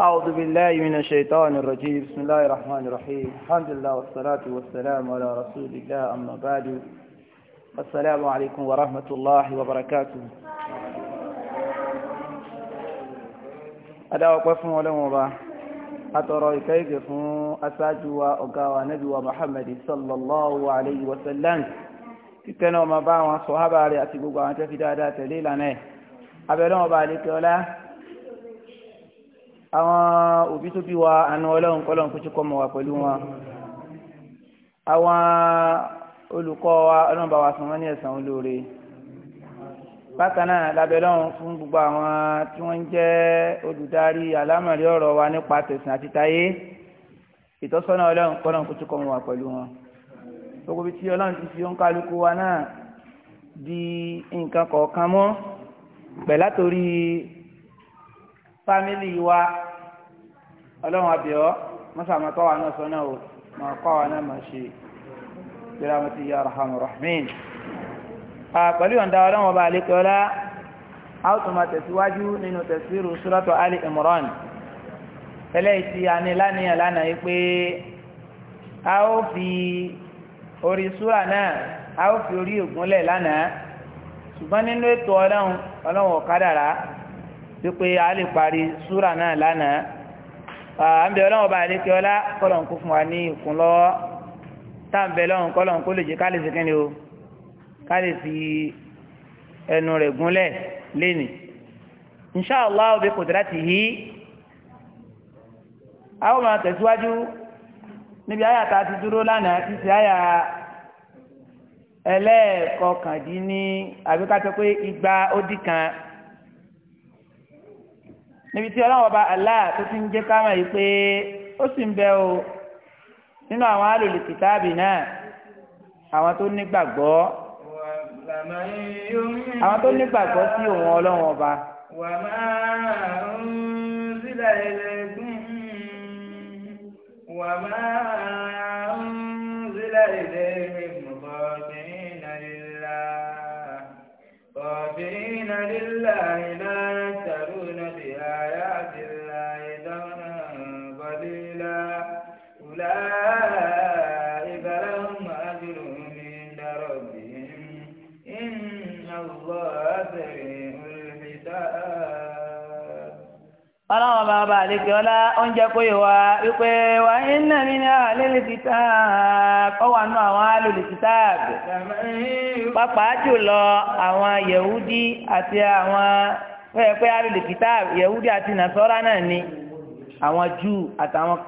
أعوذ بالله من الشيطان الرجيم بسم الله الرحمن الرحيم الحمد لله والصلاة والسلام على رسول الله أما بعد السلام عليكم ورحمة الله وبركاته أدعو قفهم ولمبا أترى كيف أساجوا أقاوى نجوى محمد صلى الله عليه وسلم كنوا وما باوا صحابة علي أتقوا أنت في دادات ليلة أبدا وبالك ولا àwọn òbí tó bí wa àna ọlọ́run kọ́lọ́run kó tí kọ́ mọ̀ wá pẹ̀lú wọn àwọn olùkọ́ wa ọlọ́run bá wa san wọ́n ní ẹ̀san olóore bákan náà lábẹ́ lọ́run fún gbogbo àwọn tí wọ́n ń jẹ́ olùdarí àlámọ̀rí ọ̀rọ̀ wa nípa tẹ̀sán àti tayé ìtọ́sọ́nà ọlọ́run kọ́lọ́run kó tí kọ́ mọ̀ wá pẹ̀lú wọn gbogbo bí tí ọlọ́run ti fi ó wa náà di nǹkan kọ̀ọ̀kan mọ́ pẹ̀ fámílì wa ọlọ́run àbíọ́ mọ́sàmá tọ́wà náà sọ náà o máa kọ́ wa náà máa ṣe ìrámọ́tí ya rahman rahman pẹ̀lú ọ̀dá ọlọ́run ọba àlékẹ́ ọlá a ó tún máa tẹ̀síwájú nínú tẹ̀síru suratu Ali Imran eléyìí tí a ní lánìyàn lánàá yìí pé a ó fi orí súra náà a ó fi orí ògúnlẹ̀ lánàá ṣùgbọ́n nínú ètò ọlọ́run ọlọ́run ọ̀kadàrà wípé a lè parí súrà náà lánàá àǹbẹ̀ ọlọ́run bá àlékè ọlá kọ́lọ̀ kó fún wa ní ìkún lọ́wọ́ táǹbẹ̀ lọ́run kọ́lọ̀ kó lè jẹ́ kálísì kẹ́ni o kálísì ẹnu rẹ̀ gúnlẹ̀ tẹ̀síwájú ti dúró lánàá ti ṣe àyà ẹlẹ́ẹ̀kọkàndínní pé igba ó kan. níbi tí ọlọ́wọ́ bá Allah tó ti ń jẹ́ kámà yìí pé ó sì ń bẹ o nínú àwọn alòlù kìtáàbì náà àwọn tó nígbàgbọ́ àwọn tó nígbàgbọ́ sí òun ọlọ́wọ́ ọba. wàmà ń sílẹ̀ ẹlẹ́gùn wàmà ń sílẹ̀ ẹlẹ́gùn kọ̀ọ̀bìnrin àlékè ọlá oúnjẹ kó yẹ wá wípé wà iná mi ní àlélè títà kọ́wà náà àwọn àlélè títà pápá jùlọ àwọn yẹ̀wúdí àti àwọn pẹ́ẹ́pẹ́ àlélè títà àti ni àwọn àtàwọn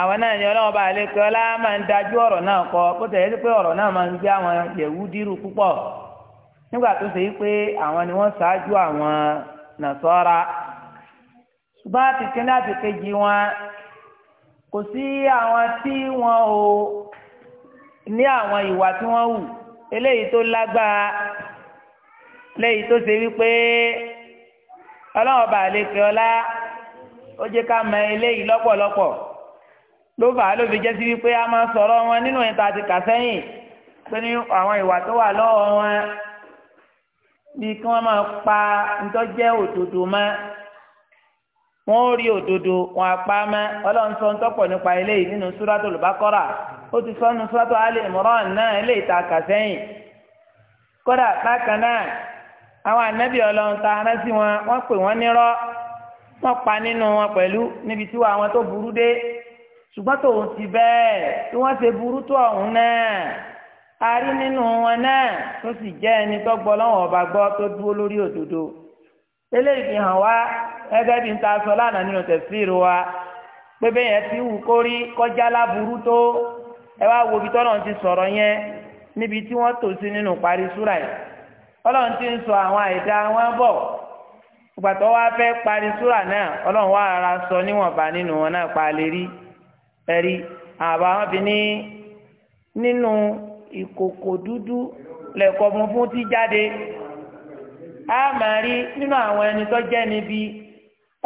àwọn náà ní ọlọ́wọ́ bá àlékè ọlá máa ń dájú ọ̀rọ̀ náà kọ kó tẹ̀lé pé ọ̀rọ̀ náà máa ń gbé àwọn púpọ̀ nígbà tó ṣe bá tìkíní àti kejì wọn kò sí àwọn tí wọn ò ní àwọn ìwà tí wọ́n hù eléyìí tó lágbára léyìí tó ṣe wípé ọlọ́run bá lè kẹ́ ọlá ó jẹ́ ká mọ eléyìí lọ́pọ̀lọpọ̀ ló fà á ló fi jẹ́ sí wípé a máa sọ̀rọ̀ wọn nínú ìta ti kà sẹ́yìn pé ní àwọn ìwà tó wà lọ́wọ́ wọn bí kí wọ́n máa pa ntọ́jẹ́ òdòdó mọ́ wọn ó rí òdodo wọn apá mẹ ọlọ́run sọ ń tọ́pọ̀ nípa eléyìí nínú Suratul Baqara ó ti sọ nínú Suratul Ali Imran náà eléyìí ta kà sẹ́yìn kódà bákan náà àwọn ànábì ọlọ́run ta ara sí wọn wọ́n pè wọ́n nírọ́ wọ́n pa nínú wọn pẹ̀lú níbi tí wọ́n àwọn tó burú dé ṣùgbọ́n tòun ti bẹ́ẹ̀ tí wọ́n ṣe burú tó ọ̀hún náà a rí nínú wọn náà tó sì jẹ́ ẹni tó gbọ́ lọ́wọ́ ọba eléyìí fi hàn wá ẹgbẹ́ bí n ta sọ lánàá nínú tẹ̀síìrì wa pé bẹ́ẹ̀ yẹn ti wù kórí kọjá láburú tó ẹ wá wo ibi tọ́lọ́run ti sọ̀rọ̀ yẹn níbi tí wọ́n tò sí nínú parí súrà yìí ọlọ́run ti ń sọ àwọn àìdá wọn bọ̀ gbàtọ́ wá fẹ́ parí súrà náà ọlọ́run wà rárá sọ níwọ̀nba nínú wọn náà pa lè rí ẹ̀rí àbá wọn fi ní nínú ìkòkò dúdú lẹ́kọ̀ọ́ fún ti jáde. a máa rí nínú àwọn ẹni tó jẹ́ níbi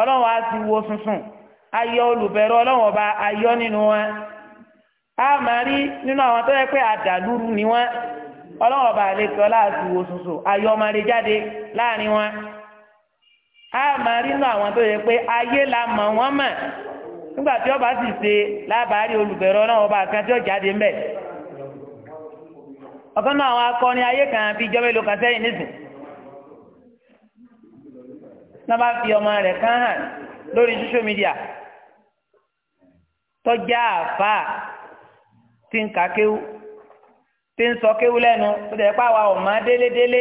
ọlọ́wọ́ á ti wo funfun olùbẹ̀rù nínú wọn a máa rí nínú àwọn tó yẹ pé àdàlúrú ni wọn ọlọ́run ọba láti wo funfun wọn a máa rí nínú àwọn tó ayé la mọ̀ wọ́n mọ̀ nígbà sì ṣe lábàárí olùbẹ̀rù kan tí ó jáde náà àwọn ayé kan bíi náà bá fi ọmọ rẹ̀ kán hàn lórí social media tọ́jà ka kéwú tí ń sọ kéwú lẹ́nu tó àwa ọ̀ma délédélé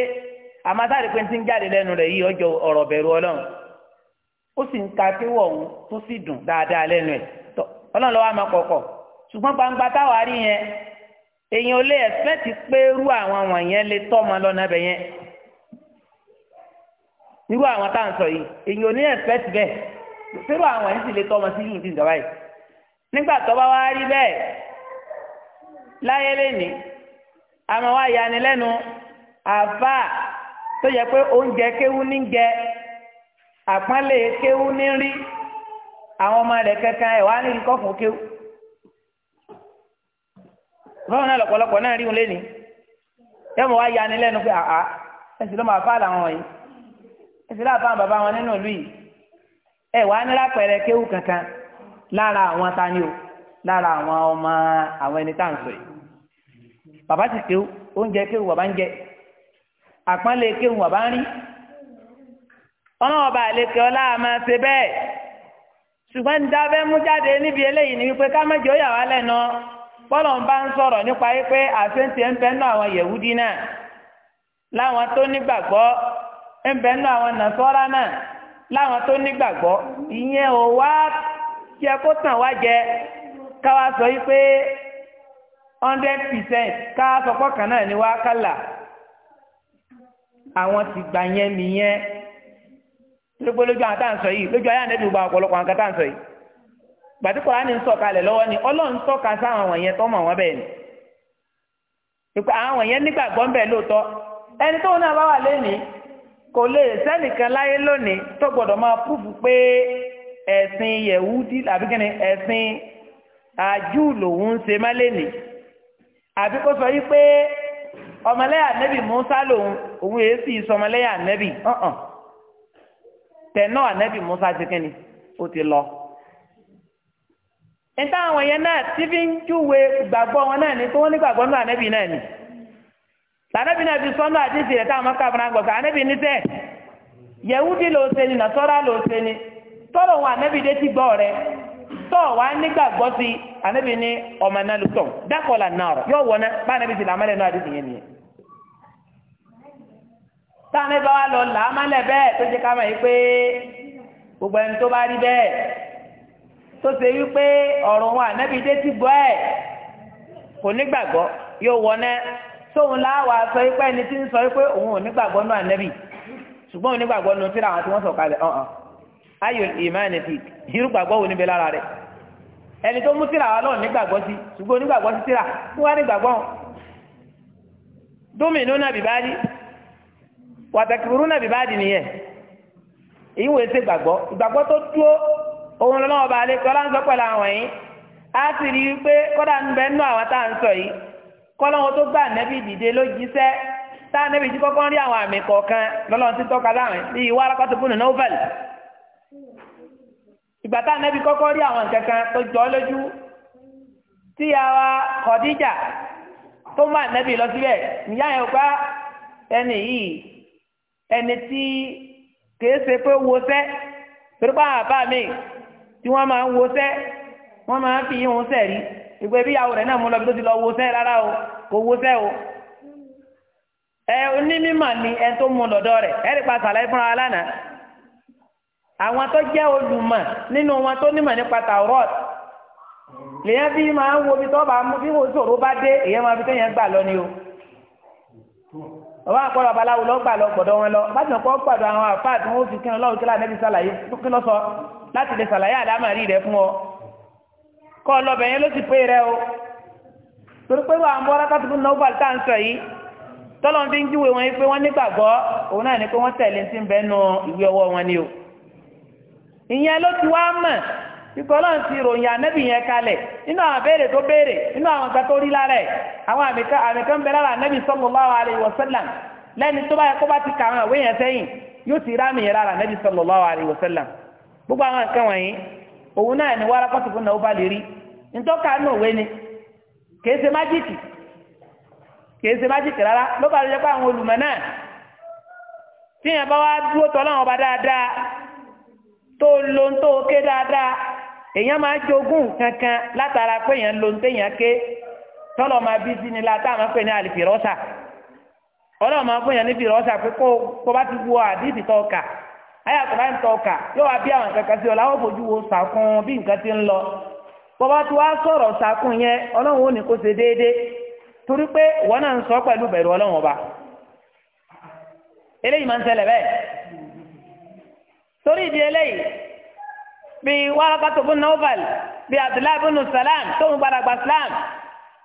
àmọ́ sáré pé ń jáde lẹ́nu rẹ̀ yìí ọjọ́ ọ̀rọ̀ bẹ̀rù ọlọ́run ó sì ń ka kéwú ọ̀hún tó sì dùn dáadáa lẹ́nu ẹ̀ tọ́ ọlọ́run lọ́wọ́ àmọ́ kọ̀ọ̀kọ̀ ṣùgbọ́n gbangba táwa rí yẹn èèyàn ò lè ti pé irú àwọn irú àwọn tá à ń sọ yìí èyàn ò ní ẹ̀fẹ́tì bẹ́ẹ̀ sírú àwọn yìí sì lè tọ́mọ sí yìí ìjọba yìí nígbà tó bá wá rí bẹ́ẹ̀ láyé lẹ́ni àmọ́ wá yani lẹ́nu àfa tó yẹ pé oúnjẹ kéwú ní jẹ àpọ́nlé kéwú ní rí àwọn ọmọ rẹ̀ kankan ẹ̀ wá ní ikọ́ kéwú báwọn náà lọ̀pọ̀lọpọ̀ náà rí wọn lẹ́ni yẹ́n mo wá yani lẹ́nu pé àá ẹ̀sìn ló máa fà láwọn yìí ìsìlá àbá bàbá wọn nínú ìlú yìí ẹ wàá ní lápẹẹrẹ kéwù kankan lára àwọn tani o lára àwọn ọmọ àwọn ẹni tá à ń sọ yìí bàbá ti kéwù oúnjẹ kéwù bàbá ń jẹ àpọ́nlé kéwù bàbá ń rí ọlọ́ọ̀bà àlekè ọlá máa ṣe bẹ́ẹ̀ ṣùgbọ́n ní dábẹ́ mú jáde níbi eléyìí ni wípé ká mẹ́jọ yà wá lẹ́nu bọ́lọ̀ ń bá ń sọ̀rọ̀ nípa wípé àṣẹ́ǹtì ń bẹ́ẹ̀ náà àwọn yẹ̀wúdí náà láwọn tó nígbàgbọ́ ẹnbẹ̀ nínú àwọn nàṣọ́ra náà láwọn tó nígbàgbọ́ ìyẹn ò wá jẹ kó tàn wá jẹ káwa sọ yìí pé hundred percent sọ pọ́kàn náà ni wá kálà àwọn ti gbà yẹn nìyẹn gbogbo lójú àwọn táà sọ yìí lójú ayé gba ọ̀pọ̀lọpọ̀ àwọn kátà sọ yìí gbàtí Kùránì ń sọ̀kalẹ̀ lọ́wọ́ ni Ọlọ́run tọ́ka sáwọn wọ̀nyẹn tó mọ̀ wọ́n bẹ́ẹ̀ ni ìpè àwọn nígbàgbọ́ ń bẹ̀ lóòótọ́ kò lè sẹ́nìkan láyé lónìí tó gbọ́dọ̀ máa púfù pé ẹ̀sìn yẹ̀wúdí àbí ni ẹ̀sìn àjú lòun ṣe má lénìí àbí kó sọ yí pé ọmọlẹ́yà nẹ́bì Mùsá lòun òun èé sì sọ ọmọlẹ́yà nẹ́bì ọ̀hàn tẹ̀nọ́ ànẹ́bì Mùsá ti kí ni ó ti lọ. níta àwọn yẹn náà tí fi ń júwe gbàgbọ́ wọn náà ni tí wọ́n ní gbàgbọ́ náà ànẹ́bì náà ni. lànàbí náà fi sọ́nà àdìsí rẹ̀ táwọn ama fúnra gbọ̀sán ànàbí ní sẹ́ yẹ̀wúdí ló ṣe ni nàṣọ́rà ló ṣe ni tọ́rọ̀ wọn ànàbí ti gbọ́ rẹ̀ tɔ wa nígbàgbọ́ ti làmọ́lẹ̀ náà àdìsí yẹn nìyẹn. táwọn ẹbá wa lọ làmọ́lẹ̀ bẹ́ẹ̀ tó ṣe ká gbogbo anabi ti kò sóun láwàá sọ pé ẹni tí ń sọ pé òun ò nígbàgbọ́ náà nẹ́bì ṣùgbọ́n onígbàgbọ́ nu tíra àwọn tí wọ́n sọ kalẹ̀ ọ̀hún ayò ìmáàní fi irú gbàgbọ́ wo níbẹ̀ lára rẹ̀ ẹni tó mú tíra àwọn náà nígbàgbọ́ sí ṣùgbọ́n onígbàgbọ́ sí tíra fún wa nígbàgbọ́ dómìnú náà bìbáàdì wàtàkìrú náà bìbáàdì nìyẹn èyí wòye ṣe gbàgbọ́ ìgbàgbọ́ tó dúró òun lọ́wọ́ bá a lè kọ́ láǹsọ́ pẹ̀lú àwọn yìí á sì rí i pé kọ́dà ń bẹ́ẹ̀ nú àwọn tá à ń sọ yìí kọ́lọ́wọ́n tó gbà nẹ́bí dìde ló jíṣẹ́ tá nẹ́bí tí kọ́kọ́ rí àwọn àmì kọ̀ọ̀kan lọ́lọ́run ti tọ́ka láwọn bí ìwà arákọ́tò fún novel ìgbà tá nẹ́bí kọ́kọ́ rí àwọn kankan tó jọ lójú tí àwa Khadija tó má nẹ́bí lọ síbẹ̀ ìyá yẹn pa ẹni yìí ẹni tí kìí ṣe pé wo sẹ́ torí pé mi tí wọ́n máa ń wo sẹ́ wọ́n máa ń fi yín wọn sẹ́rí ìgbà ebi yàwó rẹ̀ náà mú lọ bí tó ti lọ wo sẹ́ rárá o kò wo sẹ́ o ẹ ní mímọ̀ ni ẹ tó mú lọ́dọ̀ rẹ̀ ẹ lè pa sàlàyé fúnra wa lánàá àwọn tó jẹ́ olùmọ̀ nínú wọn tó nímọ̀ nípa tàwọ́rọ̀ lèyàn bí máa ń wo bí tó bá mú bí wo sòro bá dé èyàn máa fi téèyàn gbà lọ ni o ọba àpọ̀lọ̀ babaláwo lọ gbà lọ gbọ̀dọ̀ wọn lọ bá ti nàkọ́ gbàdọ̀ àwọn àfáà tí wọ́n fi kí wọn lọ́wọ́ kí lọ́wọ́ sàlàyé láti lè sàlàyé àdámàrí rẹ̀ fún kọ́ lọ́bẹ̀ yẹn ló ti pé rẹ o torí pé wà ń bọ́ rákàtí fún náà gbàlítà ń sọ yìí tọ́lọ́ fi ń júwe wọn yìí pé wọ́n nígbàgbọ́ òun náà ni pé wọ́n tẹ̀lé sí bẹ́ẹ̀ nu ìwé ọwọ́ wọn ni o ìyẹn ló ti wá mọ̀ ikọ̀ ọlọ́run ti ròyìn ànẹ́bì yẹn kalẹ̀ nínú àwọn béèrè tó béèrè nínú àwọn nǹkan tó rí lára ẹ̀ àwọn àmì kan lára ànẹ́bì sallallahu alaihi wasallam lẹ́ni tó bá yẹ kó bá ti kà àwọn ìwé yẹn sẹ́yìn yóò ti rámì yẹn lára ànẹ́bì sallallahu alaihi wasallam gbogbo àwọn nǹkan wọ̀nyí òun náà ni wàrà kọ́tù fún náà ó bá lè rí ntọ́ka òwe ni kìí ṣe májíìkì kìí rárá ló bá lè pa àwọn olùmọ̀ náà tíyẹn bá wá dúró tọ́lọ́wọ́n ọba dáadáa tó lo kankan látara pé èèyàn lo ń téèyàn ké tọ́lọ̀ máa bí sí ni la máa pè ní máa fún yẹn pé kó bá ti àyà tó bá ń tọ́ka yóò wá bí àwọn kankan sí ọ làwọn fojú wo sàkún bí nǹkan ti ń lọ bọ́bá tó wá sọ̀rọ̀ sàkún yẹn ọlọ́run ò ní kó ṣe déédéé torí pé wọn náà ń sọ pẹ̀lú bẹ̀rù ọlọ́run ọba eléyìí máa ń ṣẹlẹ̀ bẹ́ẹ̀ torí ìdí eléyìí bí wàhákàtò bún novel bí abdullahi bún salam tóun gbàdàgbà salam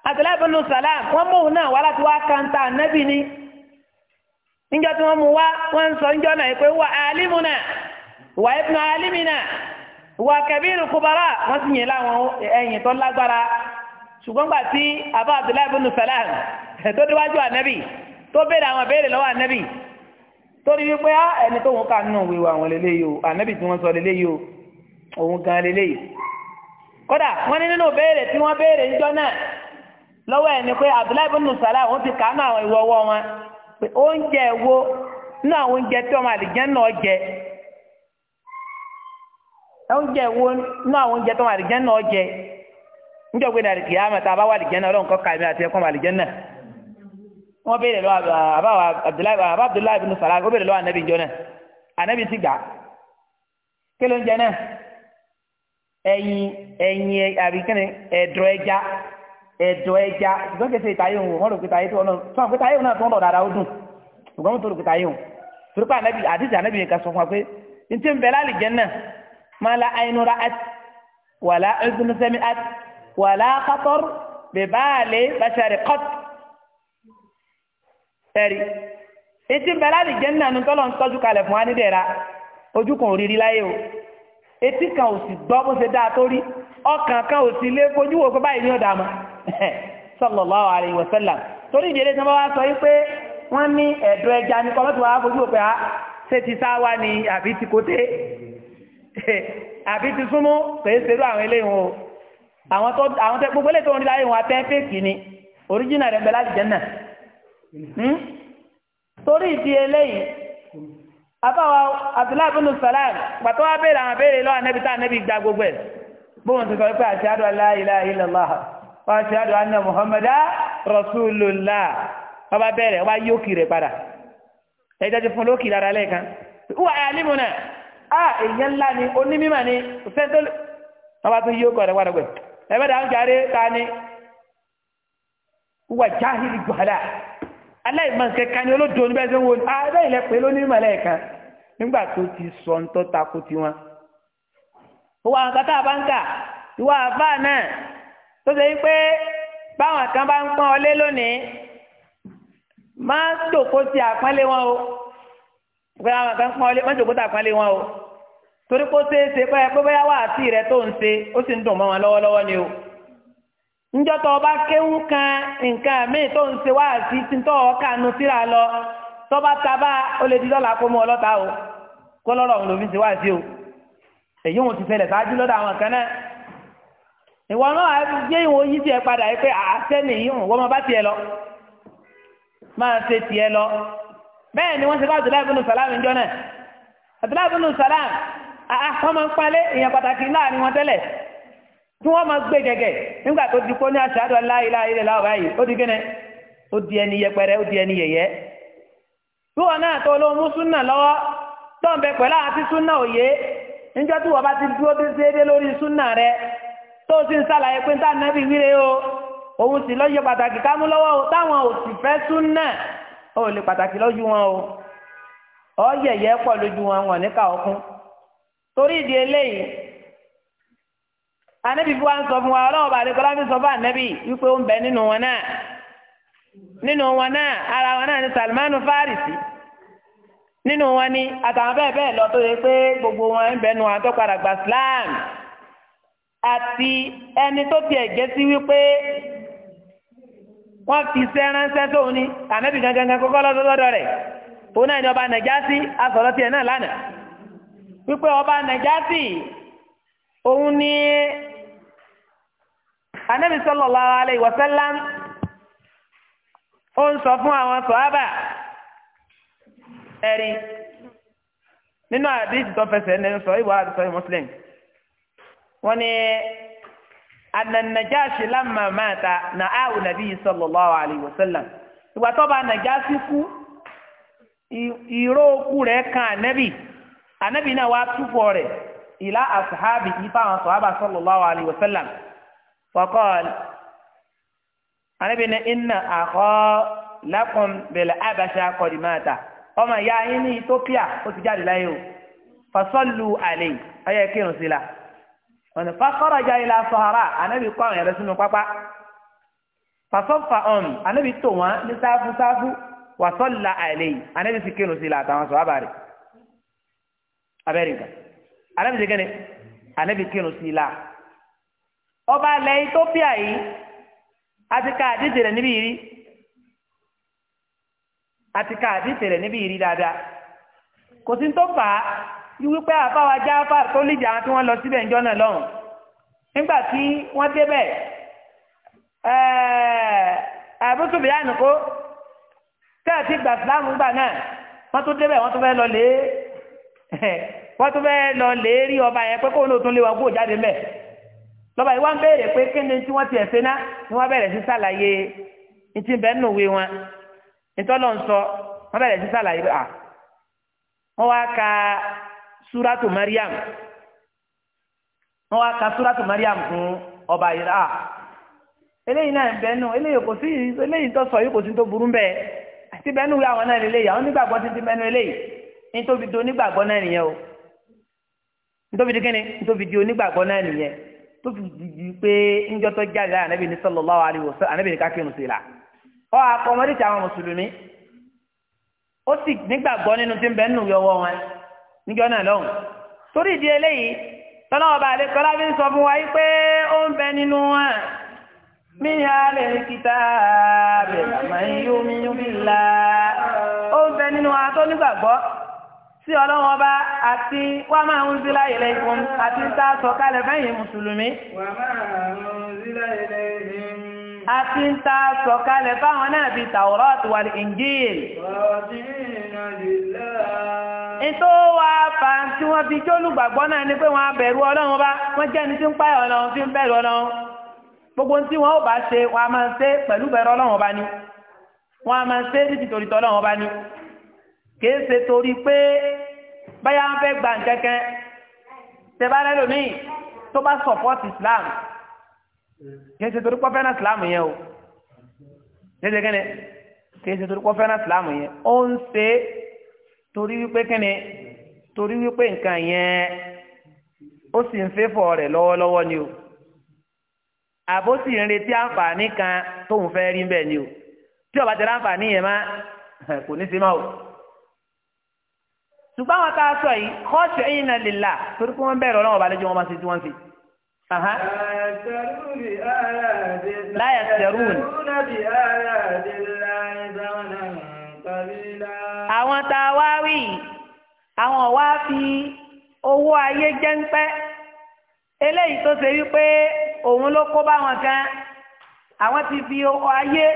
abdullahi bún salam wọn mú òun náà wá láti wá kanta nẹ́bí ni níjọ́ tí wọ́n mú wá wọ́n ń sọ níjọ́ náà pé wà alimuna wà ibnu alimina wà kabiru kubara wọ́n sì yẹn láwọn ẹ̀yìn tó lágbára ṣùgbọ́n gbà tí abá abdullahi bin salam tó déwájú ànábì tó béèrè àwọn béèrè lọ́wọ́ ànábì torí wípé á ah, ẹni tó wọn kà nínú wíwọ àwọn lélẹ́yìí o ànábì tí wọ́n sọ lélẹ́yìí o òun gan lélẹ́yìí kódà wọ́n ní nínú béèrè tí wọ́n béèrè níjọ́ náà lọ́wọ́ ẹni pé abdullahi bin salam wọ́n ti kà á ìwọ́wọ́ wọn. pé oúnjẹ wo náà àwọn oúnjẹ tí ọmọ àdìjẹ́ náà jẹ oúnjẹ wo náà àwọn oúnjẹ tí ọmọ àdìjẹ́ náà jẹ níjọ́ pé dàrí kìí àmọ́ tá a bá wà àdìjẹ́ náà ọlọ́run kọ́ kàmí àti ẹ̀kọ́ àdìjẹ́ náà wọ́n béèrè lọ́wọ́ àbáwọ̀ Abdullahi bin béèrè anabi ìjọ náà anabi ti gbà kí ló ń jẹ náà ẹyin ẹyin ẹja. ẹ̀dọ̀ ẹja ṣùgbọ́n kẹsẹ̀ ìtayé òun wọ́n rò pé tayé tó ọ̀nà tó àwọn pétayé òun náà tó ń lọ dáadáa ó dùn ṣùgbọ́n mo tó rò pé tayé òun torí pé ànábì àdìsí ànábì yẹn ká sọ fún wa pé n tí ń bẹ láàlì jẹ́ náà máa la àyínúra àti wàlá ẹgbẹ́nusẹ́mi àti wàlá kátọ́r bèbáàlè bàṣẹ́rẹ̀ kọ́t ẹ̀rí n tí ń bẹ láàlì jẹ́ náà nítọ́lọ́ ń tọ́jú kalẹ̀ fún wa ní dẹ̀ra ojú kan ò láyé o etí kan ò sì gbọ́ bó ṣe dáa tó rí ọkàn kan ò sí lé fojú wò pé báyìí ní ọ̀dà mọ́ sallallahu alaihi wasallam torí ìdílé tí wọ́n wá sọ wípé wọ́n ní ẹ̀dọ̀ ẹja ní kọ́mọ́tò wá fojú wò pé a ah, ṣe ti sá wá ní àbí ti kóté àbí ti súnmọ́ pèsèrú àwọn eléyìí wọn àwọn tó àwọn tó gbogbo eléyìí tó ń rí láyé wọn atẹ́ fèkì ni oríjìnà rẹ̀ bẹ̀lá àlìjẹ́nà hmm? torí ìdí eléyìí afáwa abdullahi bin salam pàtó wá béèrè àwọn béèrè lọ́wọ́ anẹ́bí tá anẹ́bí gba gbogbo ẹ̀ bóun ti sọ pé ashhadu an la ilaha illallah wa ashhadu anna muhammadan rasulullah ọba bẹ̀rẹ̀ ọba yókì rẹ̀ padà ẹ̀jẹ̀ ti fún lókì lára lẹ́ẹ̀kan wà á ní mu náà a èèyàn ńlá ni onímọ̀ ni sẹ́ńtò ọba tó yókọ̀ rẹ̀ padà gbẹ̀ ẹ̀fẹ́ dà ń jáde ká ní wà jáhìlì gbàdá aláìmọ̀ kẹ̀kẹ́ ni olódò níbẹ̀ ṣe ń wo ni ààrẹ ilẹ̀ pẹ̀lú onímọ̀ lẹ́ẹ̀kan nígbà tó ti sọ ń tọ́ tako tiwọn gbogbo àwọn kan tá a bá ń kà ìwọ àbá náà tó ṣe pé báwọn kan bá ń pọ́n ọ lé lónìí máa ń dòkó sí àpọ́nlé wọn o pé àwọn kan pọ́n ọ lé máa ń dòkó sí àpọ́nlé wọn o torí kó ṣeé ṣe pé pé bóyá wà á sí rẹ tó ń ṣe ó sì ń dùn mọ́ wọn lọ́wọ́lọ́wọ́ ni o njọtọ ọba kéwú kan nǹkan míì tó ń ṣe wá sí tí tọ́ ọ kànú síra lọ tọ́ba taba ó lè di kó mú ọ lọ́ta o kó lọ́rọ̀ òun lòmí ti wá sí o èyí wọn ti ṣẹlẹ̀ ṣáájú lọ́dọ̀ àwọn kan náà ìwọ náà jẹ́ ìwọ̀n yí tiẹ̀ padà yìí pé àṣẹ nìyí wọ́n máa bá tiẹ̀ lọ máa ṣe tiẹ̀ lọ bẹ́ẹ̀ ni wọ́n ṣe bá Abdullahi bin Salam ìjọ náà Abdullahi bin Salam àwọn máa ń palẹ̀ èèyàn pàtàkì láàrin wọn tẹ́lẹ̀ tí wọ́n máa gbé gẹ̀gẹ̀ nígbà tó di kó ní aṣáájú aláìláì ilẹ̀ láwọ̀ báyìí ó di gẹ́nẹ́ ó di ẹni yẹpẹrẹ ó di ẹni yẹ̀yẹ́ tí wọ́n náà tó olóhùn mú súnà lọ́wọ́ tó ń bẹ pẹ̀lú àti súnà níjọ́ tí wọ́n bá ti dúró tó ṣe é dé lórí súnà rẹ tó sì ń ṣàlàyé pé níta nàbì wíre o òun sì lọ́yọ̀ pàtàkì kámú lọ́wọ́ o táwọn ò sì fẹ́ súnà ó lè pàtàkì lójú wọn o ọ yẹ̀yẹ́ pọ̀ lójú wọn wọn níkà ọkún torí ìdí eléyìí anabi fi wa ń sọ fún wa ọlọ́wọ́ bá àdékọ́lá fi sọ fún anabi wípé ó ń bẹ nínú wọn náà nínú wọn náà ara wọn náà ni Salmanu Farisi nínú wọn ni àtàwọn bẹ́ẹ̀ bẹ́ẹ̀ lọ tó yẹ pé gbogbo wọn ń bẹnu àwọn tó padà gba Islam àti ẹni tó tiẹ̀ jẹ́ sí wípé wọ́n fi iṣẹ́ ránṣẹ́ tóun ni ànábì gangan kọ́kọ́ lọ́dọ́dọ́ rẹ̀ òun náà ni ọba Nàìjásí asọ̀rọ̀ tiẹ̀ náà lánàá wípé ọba Nàìjásí òun ni ànábì sallallahu alaihi wasallam ó ń sọ fún àwọn sọ̀hábà ẹ̀rí nínú àdìsí tó fẹsẹ̀ ẹni sọ ìwà àdìsọ Muslim wọ́n ní ananajaasi lamma mata na awu nabi sallallahu alayhi wa sallam ìgbà tó bá najaasi kú ìró okú rẹ̀ kan anabi anabi náà wá túfọ̀ rẹ̀ ìlà asahabi ifa àwọn sọ̀hábà sallallahu alayhi wa sallam faqal ní inna akha lakum bil abasha qad ọmọ ìyá yín ní Ethiopia ó ti jáde láyé o fasọ́lù àlè ọyẹ kírun sí la ọ̀nà fakọ́rọ̀ já ilà sọ̀hárà ànábì kọ́ àwọn ẹ̀rọ sínú pápá fasọ́fà ọ̀n um, ànábì tò wọ́n ní sáfù sáfù wasọ́lù àlè ànábì sì kírun sí la àtàwọn sọ̀ abàrẹ̀ abẹ́rẹ́ nǹkan ànábì sì kẹ́ni ànábì kírun sí la ọba ilẹ̀ Ethiopia yìí àti ká àdíjì níbí yìí àti ká àdìsí rẹ̀ níbi ìrí dáadáa kò sí tó fà á ju wípé àfáwà jáfàr tó lìjà àwọn tí wọ́n lọ síbẹ̀ ńjọ́ náà lọ́hùn nígbà tí wọ́n débẹ̀ àbútùbí ànìkó tẹ́ẹ̀tì gbà síláàmù gbà náà wọ́n tún débẹ̀ wọ́n tún fẹ́ lọ lé wọ́n tún fẹ́ lọ lé rí ọba yẹn pé kóun ló tún lé wọn kó jáde mẹ́ lọ́ba yìí wọ́n béèrè pé kí ni tí wọ́n ti ẹ̀sẹ̀ ìtọ́lọ̀ nsọ sọ wọ́n bẹ̀rẹ̀ la sàlàyé à wọ́n wá ka súrátù Mariam wọ́n wá ka súrátù Mariam fún ọba yìí à eléyìí náà ń nù eléyìí kò sí eléyìí tó sọ yìí kò sí tó burú bẹ́ẹ̀ àti bẹ́ẹ̀ nù àwọn náà lélẹ́yìí àwọn nígbàgbọ́ ti ti eléyìí di o di kíni di onígbàgbọ́ náà nìyẹn tó fi di pé ńjọ́tọ́ jáde la. ọ akọmọdé tí àwọn mùsùlùmí ó sì nígbàgbọ́ nínú tí ń bẹ nínú yọwọ́ wọn níjọ́ náà lọ́hùn torí ìdí eléyìí tọ́lá ọba àlekọ́lá fi ń sọ fún wa yìí pé ó ń bẹ nínú wọn mí ni a lè ní kíta bẹ̀rẹ̀ àmọ́ yóò mí yóò la ó ń bẹ nínú wọn tó nígbàgbọ́ sí ọlọ́wọ́n ọba àti wà máa ń zílá ilé ìfún àti ń ta sọ kalẹ̀ fẹ́yìn mùsùlùmí. wà máa ń zílá ilé ìfún àti ń ta sọ̀kalẹ̀ fáwọn náà bí Tawrat wal Injil ètò wa fa tí wọ́n fi jólùgbàgbọ́ náà ni pé wọ́n á bẹ̀rù ọlọ́run bá wọ́n jẹ́ ni tí ń páyà ọlọ́run tí ń bẹ̀rù ọlọ́run gbogbo tí wọ́n ó bá ṣe wọ́n á máa ṣe pẹ̀lú bẹ̀rù ọlọ́run bá ní wọ́n á máa ṣe títí torí tọ́lọ́run bá ní kìí ṣe torí pé báyà ń fẹ́ gbà ń kẹ́kẹ́ tẹ bá rẹ́ lónìí tó bá support Islam kìí ṣe torí pọ́fẹ́ náà sílámù yẹn o kìí ṣe kíni kìí ṣe torí pọ́fẹ́ náà sílámù yẹn ó ń ṣe torí wípé kíni torí wípé nǹkan yẹn ó sì ń fẹ́fọ̀ rẹ̀ lọ́wọ́lọ́wọ́ ni o àbó sì ń retí àǹfààní kan tóun fẹ́ rí bẹ́ẹ̀ ni o tí ó bá tẹ̀lé àǹfààní yẹn má kò ní sí má o ṣùgbọ́n àwọn tá a sọ yìí kọ́ọ̀ṣì ẹ̀yìn náà lè là torí pé wọ́n bẹ̀rẹ̀ ọlọ́wọ́ balẹ̀ jẹ́ wọ́n máa ṣe tí wọ́n ń ṣe. Aha. لا يسترون àwọn tá a wá wí àwọn wá fi owó ayé jẹ́ ń pẹ́ eléyìí tó ṣe wípé òun ló kó bá wọn kan àwọn ti fi owó ayé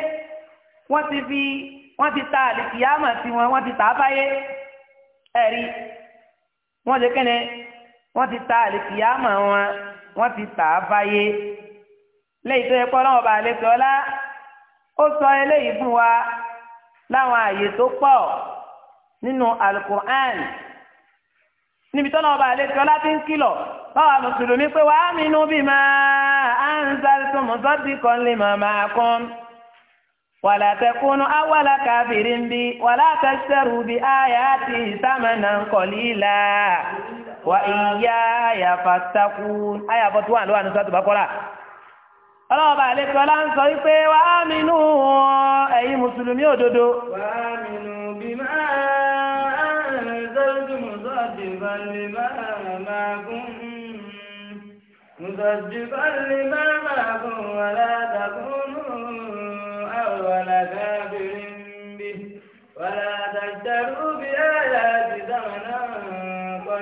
wọ́n ti fi wọ́n ti ta àlìkìyàmọ̀ sí wọn wọ́n ti tà á fáyé ẹ̀rí wọ́n lè kéne wọ́n ti ta àlìkìyàmọ̀ wọn wọ́n ti tà á fáyé lẹ́yìn tó yẹ kọ́ lọ́wọ́ bá lè sọ ó sọ eléyìí fún wa láwọn àyè tó pọ̀ nínú alukur'an níbi tó lọ́wọ́ bá lè sọ láti ń kìlọ̀ báwa mùsùlùmí pé wàá mìínú bí máa anzal tó mùsọ́dì kan lè máa máa kún wàlá tẹkùnú awàlá káfírin bí wàlá tẹsẹrù bí ayé àti ìsámanà kọ̀lí la wa iya ya fatakun aya bọ tó wà ló wà ní sọ́tù bọ́kọ́lá ọlọ́wọ́ bá lè tọ́lá ń sọ wípé wà á mìínú ẹ̀yin mùsùlùmí òdodo wà á mìínú bí máa ń zọ́jú mùsọ́dì bá lè máa gún mùsọ́dì bá lè máa gún wà látàkùnú àwọn àlàkà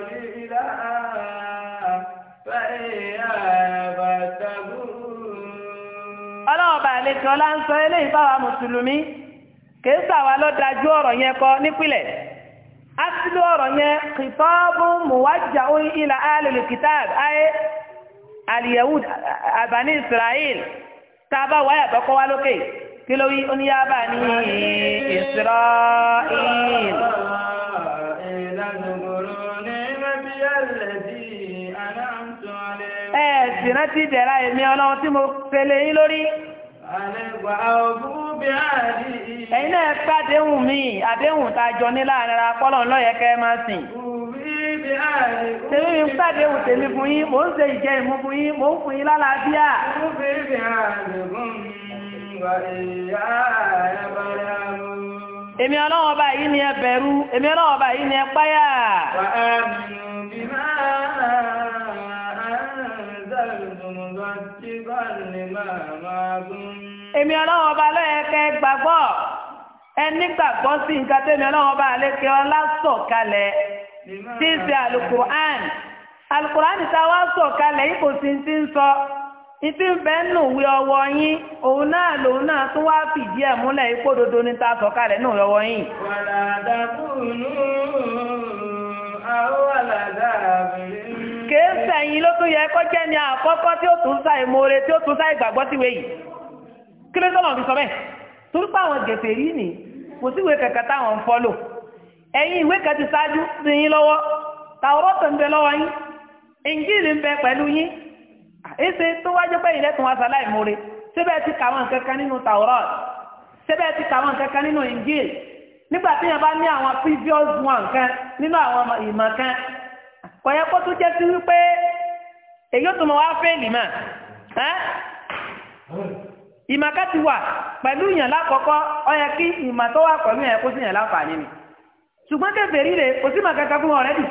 قليلا فإياي فاتقون ọlọ́run bá lè kí ọlá ń sọ eléyìí fáwa mùsùlùmí kìí sàwa ló dájú ọ̀rọ̀ yẹn kọ nípìnlẹ̀ asílù ọ̀rọ̀ yẹn kìtọ́ọ̀bù mùwájà òyìn ilà alìlù kìtàb ayé aliyahud abani israel tábà wáyà tọkọ wá lókè kí ló wí oníyàbá ní israel. sì rántí ìdẹ̀ra èmi ọlọ́run tí mo fẹ́lẹ̀ yín lórí. ẹ̀yin náà pàdéhùn mi àdéhùn tá a jọ ní láàrin ara pọ́lọ̀ ńlọ́yẹ̀ kẹ́ máa sìn. tèmi ń pàdéhùn tèmi fún yín mò ń ṣe ìjẹ́ ìmú fún yín mò ń fún yín lálàáfíà. Èmi ọlọ́wọ́ bá yìí ni ẹ bẹ̀rù, èmi ọlọ́wọ́ bá yìí ni ẹ páyà. Wà á mìíràn bí máa èmi ọlọ́wọ́ ọba lọ́yẹ̀kẹ́ gbàgbọ́ ẹni gbàgbọ́ sí nǹkan tẹ́mi ọlọ́wọ́ ọba àlékè ọlá sọ̀kalẹ̀ tí ń ṣe alukur'an alukur'an ta wá sọ̀kalẹ̀ yìí kò sí ti ń sọ ìtì ń nù wí ọwọ́ yín òun náà lòun náà tún wá fìdí ẹ̀ múlẹ̀ dodo ní ta sọ̀kalẹ̀ nù ọwọ́ yín. wàlàdà ń sẹ̀yìn ló tún yẹ kó jẹ́ ní àkọ́kọ́ tí ó tún sá ìmoore tí ó tún sá ìgbàgbọ́ síwèé yìí kí ló sọ̀rọ̀ fi sọ bẹ́ẹ̀ torí pé àwọn gèsè yìí nì kò síwèé kẹ̀kẹ́ táwọn ń fọ́lò ẹ̀yin ìwé kan ti ṣáájú sí yín lọ́wọ́ Tàórátù ń bẹ lọ́wọ́ yín Ìnjílì ń bẹ pẹ̀lú yín èsè tó wájú pé ìlẹ́tùn wa sàlá ìmoore síbẹ̀ ti kàwọn kọ̀yẹ́ kó tún jẹ́ sí wípé èyí ó tún mọ̀ wá fẹ́ẹ̀lì mà ìmàkà ti wà pẹ̀lú ìyàn lákọ̀ọ́kọ́ ó yẹ kí ìmà tó wà pẹ̀lú ìyàn kó sí ìyàn láǹfààní ni ṣùgbọ́n kẹfẹ́ rí rè kò sí màkà kan fún ọ̀rẹ́dì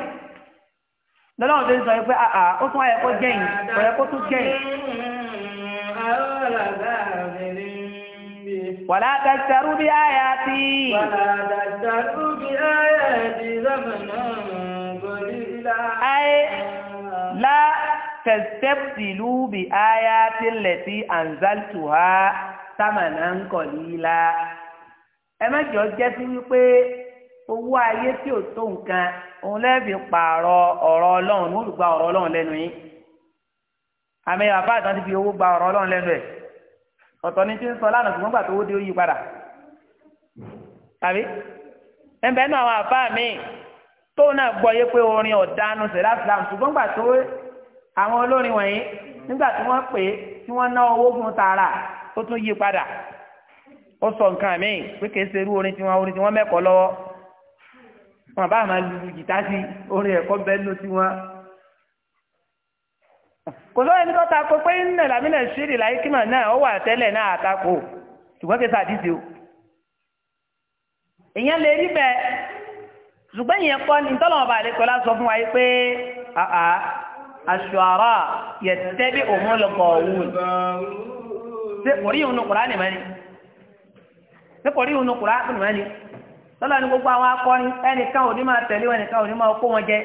lọ́lọ́run tó ń sọ pé àà ó tún ayẹ kó jẹ́yìn ọ̀yẹ kó tún jẹ́yìn. wàlá dàtàrú bí àyà tí. wàlá dàtàrú ayé la tẹ̀sítẹ́pìtìlú bí aya tilẹ̀ tí anzaltuha sámànà ń kọ̀ líla ẹ má jọ jẹ́ sí wípé owó ayé tí ò tó nǹkan òun lẹ́bi pààrọ̀ ọ̀rọ̀ ọlọ́run ní olùgbà ọ̀rọ̀ ọlọ́run lẹ́nu yín àmì bàbá àtàn ti fi owó gba ọ̀rọ̀ ọlọ́run lẹ́nu ẹ̀ ọ̀tọ̀ ni tí ń sọ lánàá ṣùgbọ́n gbà tó owó dé ó yí padà tàbí ẹ̀ tóun náà gbọ́ yé pé orin ọ̀dánù sẹ̀dá islam ṣùgbọ́n gbà tó àwọn olórin wọ̀nyí nígbà tí wọ́n pè é tí wọ́n ná owó fún tààrà ó tún yí padà ó sọ nǹkan míì pé kìí ṣe irú orin tiwọn orin tiwọn mẹ́kọ̀ọ́ lọ́wọ́ wọn bá máa lulu jìtá sí orin ẹ̀kọ́ bẹ́ẹ̀ nù tiwọn. kò sóyè ní tọ́ta kó pé ń nàlá mí náà ṣírí láyé kí màá náà ó wà tẹ́lẹ̀ náà àtakò ṣùgbọ́n kìí ṣàdídì o. èèyàn lè rí bẹ́ẹ̀ ṣùgbọ́n ìyẹn kọ́ ni tọ́lọ́mọba àlekọ́lá sọ fún wa yìí pé aṣọ́ara yẹtẹ́bí òun lọ́kọ̀ òun ṣe kò rí ìhun kùrá nìmọ́ ni ṣe kò rí ìhun kùrá nìmọ́ ni tọ́lọ́ ni gbogbo àwọn akọrin ẹnìkan ò máa tẹ̀lé wọn ẹnìkan ò máa kó wọn jẹ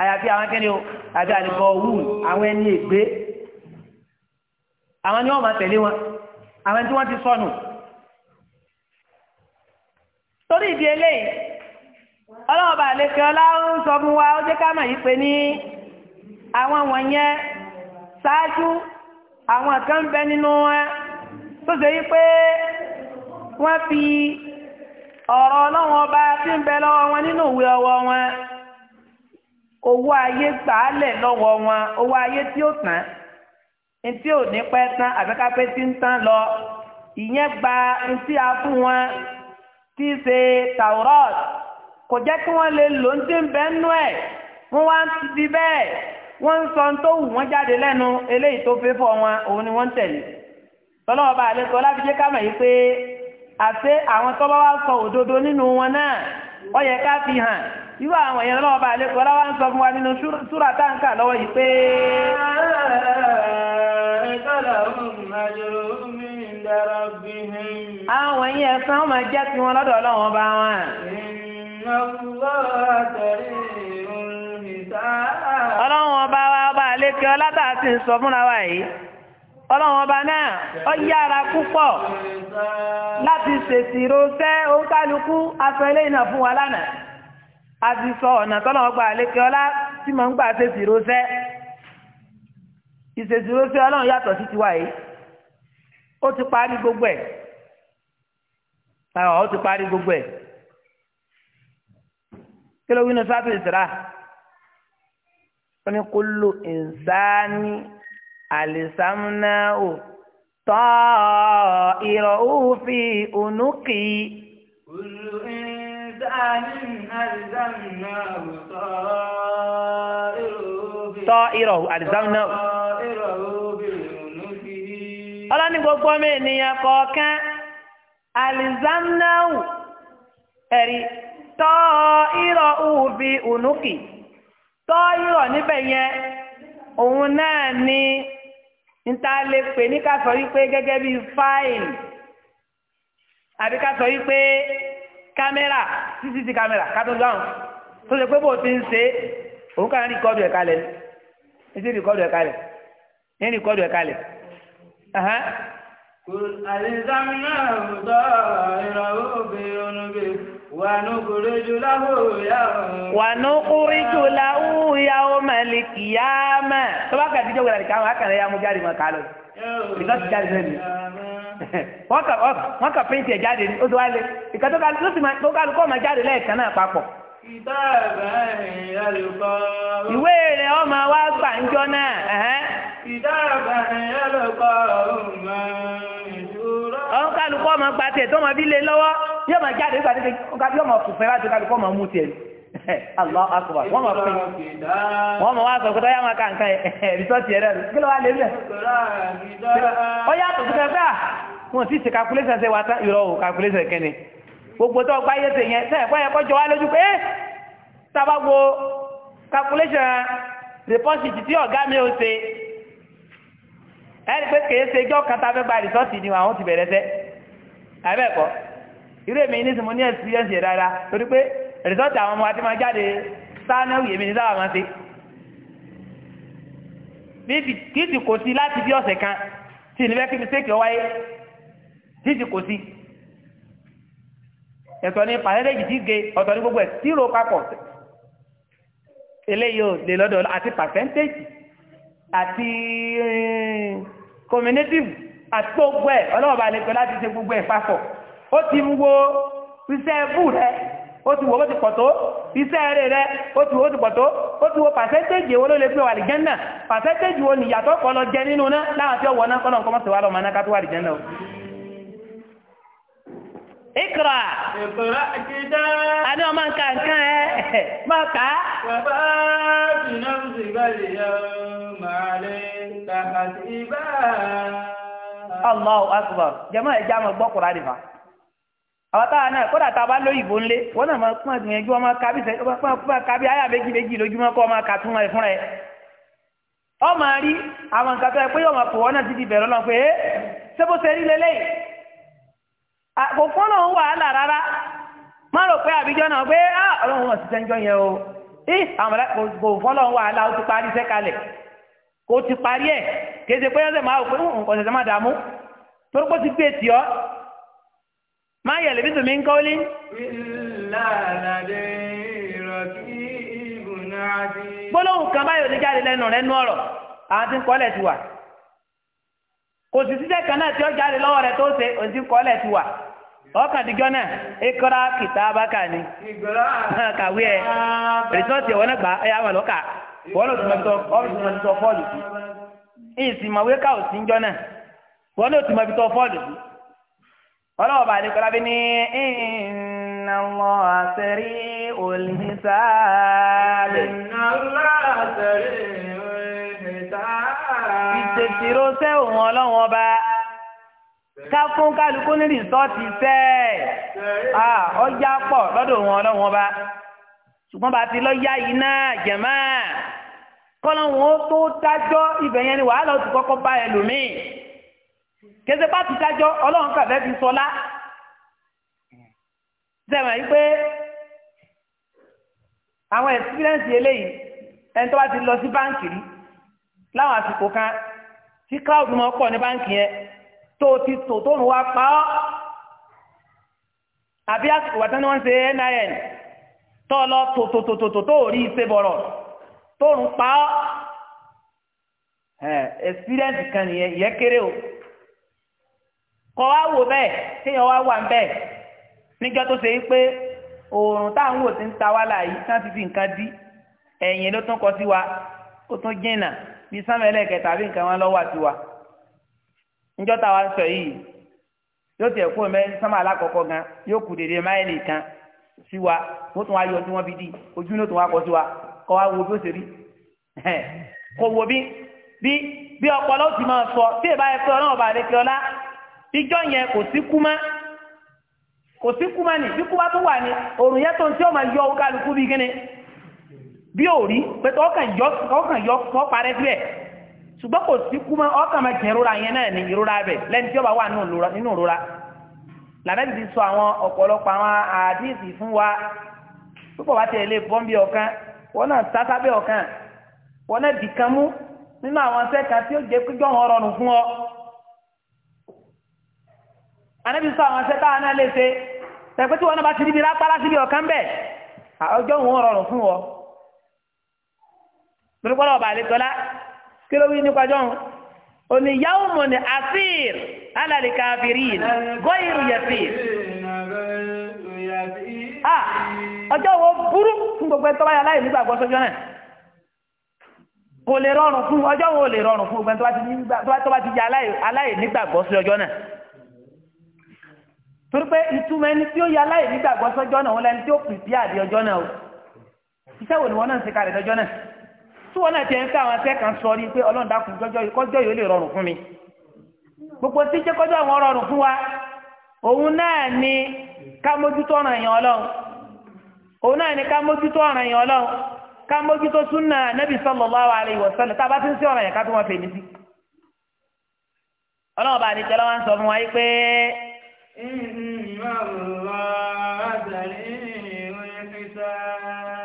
àyàfi àwọn akẹ́ni o àbí àlekọ̀ òun àwọn ẹni ègbé àwọn ni wọ́n máa tẹ̀lé wọn àwọn tí wọ́n ti sọnù torí ìdí eléyìí. ọlọ́ọ̀bà àlekẹ́ ọlá wa ó jẹ́ ká mọ̀ yí pé ní àwọn yẹn ṣáájú àwọn kan ń bẹ nínú wọn tó ṣe yí pé wọ́n fi ọ̀rọ̀ ọlọ́wọ́n ọba tí ń bẹ lọ́wọ́ wọn nínú ìwé ọwọ́ wọn owó ayé gbàálẹ̀ lọ́wọ́ wọn owó ayé tí ó tán ò ní pẹ́ tán àbẹ́kápẹ́ tí ń gba a wọn tí kò jẹ́ kí wọ́n lè lò ń tí ń bẹ́ nú ẹ̀ wọ́n wá ń ti bẹ́ẹ̀ wọ́n ń sọ tó wù wọ́n jáde lẹ́nu eléyìí tó fẹ́ fọ́ wọn òun ni wọ́n ń tẹ̀lé tọ́lọ́wọ́ bá àlejò ọlábíjẹ́ ká mọ̀ yìí pé àṣé àwọn tọ́lọ́ wá sọ òdodo nínú wọn náà ó yẹ ká fi hàn irú àwọn èèyàn lọ́wọ́ bá àlejò ọláwá ń sọ fún wa nínú súrà táǹkà lọ́wọ́ yìí pé. àwọn èèyàn ẹ̀sán máa jẹ́ tiwọn lọ́dọ̀ ọlọ́wọ́n bá wọn ọlọ́run ọba wa ọba àlékè ọlátà ti ń sọ fúnra wa yìí ọlọ́run ọba náà ó yára púpọ̀ láti ṣèṣirò sẹ́ òǹkálukú aṣọ ilé ìnà fún wa lánàá a ti sọ ọ̀nà tọ́lọ́run ọba àlékè ọlá tí mò ń gbà ṣèṣirò sẹ́ ìṣèṣirò sẹ́ ọlọ́run yàtọ̀ sí tiwa yìí ó ti parí gbogbo ẹ̀ ó ti parí gbogbo ẹ̀ kí ló wí ní sátú ìsirá wọn ni kó lo ìsáni àlìsámúnáwò tọ́ ìrọ̀ òfin ònúkì. Kullu insanin alzamnahu ta'irahu ta'irahu alzamnahu ọlọ́ni gbogbo ọmọ ènìyàn kọ̀ọ̀kan alzamnahu ẹ̀rí tọ́ ìrọ̀ òbí ònúkì tọ́ ìrọ̀ níbẹ̀ yẹn òun náà ni níta lè pè ní ká sọ wípé gẹ́gẹ́ bíi fáìlì àbí ká sọ wípé kámẹ́rà cctv kámẹ́rà kátó dáhùn tó ṣe pé bó ti ń ṣe òun kàn rìkọ́dù ẹ̀ kalẹ̀ ní ti rìkọ́dù ẹ̀ kalẹ̀ ní rìkọ́dù ẹ̀ kalẹ̀. قل wànúkúrìjù láwù yàwó mẹ́lìkì yá mẹ́. tó bá kàdí jẹ́ wẹ̀rẹ̀ káwọn akàrẹ̀ yà mú jáde mọ́ ká lọ. ìgbà tó jáde lẹ́nu. wọ́n ka péńtì ẹ̀ jáde ní oṣù wálé. ìgbà tó kàlù tó kàlù kọ́ ọ̀ma jáde lẹ́ẹ̀kan náà papọ̀. ìwé rẹ̀ ọmọ wa gbà ń jọ náà. ọ̀hún kàlù kọ́ ọmọ gbà tẹ̀ tó ọmọ bí lé lọ́wọ́ yóò máa jáde nígbà tí yóò máa fùfẹ́ láti ká lùkọ́ máa mú tiẹ̀ Allah akbar wọ́n máa fún wọ́n máa wá sọ pé tọ́yá máa ka nǹkan ẹ̀ rìsọ́ọ̀tì ẹ̀rẹ́ rẹ̀ kí ló wá lé lẹ̀. ó yàtọ̀ tó fẹ́ fẹ́ à wọn ti ṣe calculation ṣe wá tán ìrọ̀ o calculation kẹ́ni gbogbo tó gbá yé ṣe yẹn sẹ́yìn fọ́yẹ́ kọjọ wá lójú pé eh, tábà wo calculation deposit tí ọ̀gá mi ò ṣe ẹni pé kèé ṣe jọ́ kátà fẹ́ gba rìsọ́ọ̀tì ni àwọn ti bẹ̀rẹ̀ sẹ́ àbẹ́ẹ̀kọ́ irú èmi ní sinmi ní experience yẹ dáadáa torí pé result àwọn ọmọ àti máa jáde sáánẹ́wì èmi ní sábà máa ṣe kí ti kò sí láti bí ọ̀sẹ̀ kan tí ìnífẹ́ kí mistake ọ wáyé kí ti kò sí ẹ̀tọ́ ní pàṣẹ́lẹ́jì tí ge ọ̀tọ̀ ní gbogbo ẹ̀ zero papọ̀ eléyìí ò lè lọ́dọ̀ àti percentage àti eh, communitive àti gbogbo ẹ̀ ọlọ́wọ́ lè pẹ́ láti ṣe gbogbo ẹ̀ papọ̀ ó ti ń wo iṣẹ́ bù rẹ ó ti wo ó ti pọ̀ iṣẹ́ eré rẹ ó ti wo ó ti pọ̀ ó ti wo pàṣẹ́tẹ́jì wo ló lè fi wà jẹ́nà pàṣẹ́tẹ́jì wo nìyàtọ̀ kọ́ lọ jẹ nínú náà láwọn tí ó wọ̀ náà kọ́ náà Ikra. Ikra kida. Ani ọmọ nǹkan nǹkan ẹ, máa kà á. Bàbá jìnnà ń sì bàlẹ̀ yọ Allahu akbar. Jẹ́mọ̀ ẹ̀já mọ̀ gbọ́ fa àwọn táwa náà kódà tá a bá lóyìnbó ńlé wọn náà máa pọ́n gbìyànjú ọmọ kábí sẹ ọmọ kábí àyà méjì méjì lójúmọ́ kọ́ ọmọ kà tún ẹ fúnra ẹ ọmọ rí àwọn nǹkan tó ẹ pé ọmọ pò wọn náà ti di bẹ̀rẹ̀ lọ pé eh, ṣé bó ṣe rí lélẹ́yìn kò fún lòun wàhálà rárá má rò pé àbíjọ náà pé ah, ọlọ́run wọn ṣiṣẹ́ ń jọ yẹn o kò fún lòun wàhálà ó ti parí iṣẹ́ kalẹ̀ kò ti parí ẹ̀ kì í ṣe pé hmm, ọ̀sẹ̀ máa rò pé nǹkan ṣẹ̀ṣẹ̀ má dààmú torí pé ó ti gbé e tì ọ́ ما يلبث من قول إلا لديه رقيب عتيد gbólóhùn kan báyìí ò ní jáde lẹ́nu rẹ̀ nú ọ̀rọ̀ àwọn tí ń kọ́lẹ̀ ti wà kò sì síṣẹ́ kan náà tí ó jáde lọ́wọ́ rẹ̀ tó ṣe òun tí ń kọ́lẹ̀ ti wà ọkàn àtijọ́ náà ikọ́ra kìtà bákà ni kàwé ẹ̀ rìsọ́ọ̀tì ẹ̀wọ́n náà gbà ẹ̀yà àwọn ọ̀lọ́kà wọ́n lò tìmọ̀tò ọ̀fíìsì ọlọ́wọ́ bá nìkan lábẹ́ ní inna Allaha sari'ul hisab. inna Allaha sari'ul hisab. ìṣèṣirò sẹ́wọ̀n ọlọ́wọ́n bá ká fún kálukú ní rìsọ́ọ̀tì sẹ́ẹ̀ ọjà pọ̀ lọ́dọ̀ wọn ọlọ́wọ́n bá ṣùgbọ́n bá ti lọ yá yìí náà jẹ̀mọ́ kọ́lọ́wọ́n tó dájọ́ ibẹ̀ yẹn ni wàhálà ó ti kọ́kọ́ bá ẹlòmíì kèsè bá ti dájọ́ ọlọ́run kàfẹ́ fi sọlá sẹ́wọ̀n yìí pé àwọn ẹ̀sìpírẹ́ǹsì eléyìí ẹni tó bá ti lọ sí báǹkì rí láwọn àsìkò kan tí cloud mọ́ pọ̀ ní báǹkì yẹn tó ti tò tó ń wá pa ọ́ àbí àsìkò wà tán ni wọ́n ń ṣe NIN tó lọ tòtòtòtò tó rí iṣẹ́ bọ̀rọ̀ tó ń pa ọ́ ẹ̀sìpírẹ́ǹsì kan nìyẹn ìyẹn kéré o kọ́ wá wò bẹ́ẹ̀ téèyàn wá wà ń bẹ́ẹ̀ níjọ́ tó ṣe é pé oòrùn táwọn wò ti ń ta wá láàyè tí wọ́n ti fi nǹkan dí ẹ̀yìn ló tún kọ sí wa ó tún jìnnà bí sámẹ́lẹ̀ kẹta àbí nǹkan wọn lọ́wọ́ àti wa níjọ́ táwa ń sọ yìí yóò tiẹ̀ kó mẹ́ sámà alákọ̀ọ́kọ́ gan yóò kù dèdè máìlì kan sí wa wọ́n tún wá yọ ọdún wọn fi di ojú ló tún wá kọ sí wa kọ́ wa wo bí ó ṣe rí kò wo bí bí ọpọlọ ti máa sọ tí ìbáyẹ ìjọ yẹn kò sí kú mọ́ kò sí kú mọ́ ni bí kú bá tó wà ní òrùn yẹn tó ń tí ó máa yọ kálukú bí kíni bí ò rí pé ọkàn yọ ọkàn yọ kọ́ parẹ́ bí ẹ̀ ṣùgbọ́n kò sí kú mọ́ ọkàn máa jẹ ìrora yẹn náà ní ìrora bẹ̀ lẹ́ni tí ó bá wà nínú ìrora lànàbí ti sọ àwọn ọ̀pọ̀lọpọ̀ àwọn àdíìsì fún wa púpọ̀ bá tẹ̀lé bọ́m̀bì ọ̀kan wọn náà sátábẹ́ ọ̀kan wọn náà dìkan mú nínú àwọn sẹ́ka tí ó jẹ́ pé gbọ́n ọ̀rọ̀ nù fún ọ anábì sọ àwọn ṣẹ́ táwọn náà lè ṣe tẹ̀pẹ́ tí wọn náà bá ti ríbi lápálá síbi ọ̀kan bẹ́ẹ̀ ọjọ́ òun rọrùn fún wọn. lórúkọ́lọ́ ọba àlejòlá kí ló wí nípa jọ́hún òní yàwó mọ̀ ní àfíìr alàlìkà àfíìrìn gọ́ìrù yẹfíìr. ọjọ́ wo burú fún gbogbo ẹni tó bá yà láì nígbàgbọ́ sọ́jọ́ náà kò lè rọrùn fún ọjọ́ wo lè rọrùn fún gbogbo ẹni tó bá ti yà láì nígbàgbọ́ sọ́jọ́ náà. torí pé ìtumọ̀ ẹni tí ó yà láì nígbàgbọ́ sọ́jọ́ náà wọn lẹni tí ó pìpì àdé ọjọ́ o iṣẹ́ wo ni wọn náà ń ṣe kalẹ̀ lọ́jọ́ náà tí wọn náà ti ń ká àwọn akẹ́kọ̀ọ́ sọ rí pé ọlọ́run dákun jọjọ́ yìí kọjọ́ yìí ó lè rọrùn fún mi gbogbo tí jẹ́ kọjọ́ àwọn rọrùn fún wa òun náà ni ká mójútó ọ̀ràn ọlọ́run òun náà ni ká mójútó ọ̀ràn ọlọ́run ká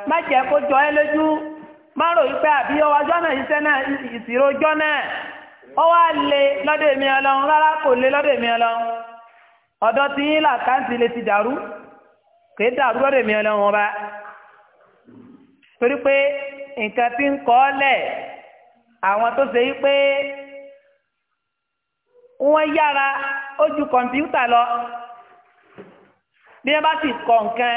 má jẹ́ kó jọ ẹ́ lójú má rò wípé àbí jọ́nà iṣẹ́ náà ìṣirò jọ́nà ó wá ọlọ́run rárá kò lé lọ́dọ̀ èmi ọlọ́run ọ̀dọ̀ tí yín làkáǹtì lè ti dàrú kìí dàrú lọ́dọ̀ èmi ọlọ́run ọba torí pé nǹkan ń kọ́ lẹ̀ àwọn tó ṣe yí pé wọ́n yára ó kọ̀ǹpútà lọ bí wọ́n bá sì kọ̀ nǹkan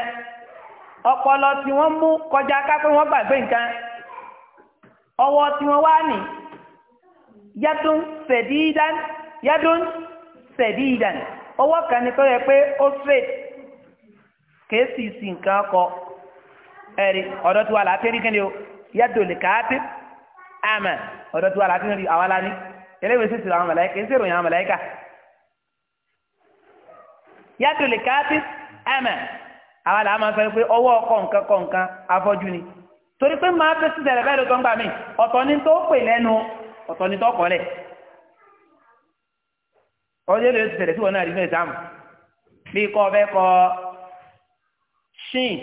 ọpọlọ tí wọ́n mú kọjá kápẹ́ wọ́n gbàgbé nǹkan ọwọ́ tí wọ́n wá nì yẹ́dún yẹ́dún ọwọ́ kan ni tó yẹ pé ó straight kèé sí nǹkan kọ ẹ̀rí ọ̀dọ́ tí o yẹ́dùn lè káàtì àmà ọ̀dọ́ tí wà àwa eléyìí sì sọ̀rọ̀ àwọn màláíkà èsì ìròyìn àwọn màláíkà. yàtò lè káàtì ẹ̀mẹ̀ àwọn làwọn máa sọ pé ọwọ́ kọ̀ọ̀kan kọ̀ọ̀kan afọ́jú ni torí pé máa fẹ́ sí ìṣẹ̀lẹ̀ bẹ́ẹ̀ ló tó ń gbà mí ọ̀tọ̀ ni tó pè lẹ́nu ọ̀tọ̀ ni tó kọ́ lẹ̀ ọjọ́ ìlú ti ṣẹlẹ̀ sí wọn náà rí ní ìsáàmù bí kọ́ ọbẹ̀ kọ́ ṣìn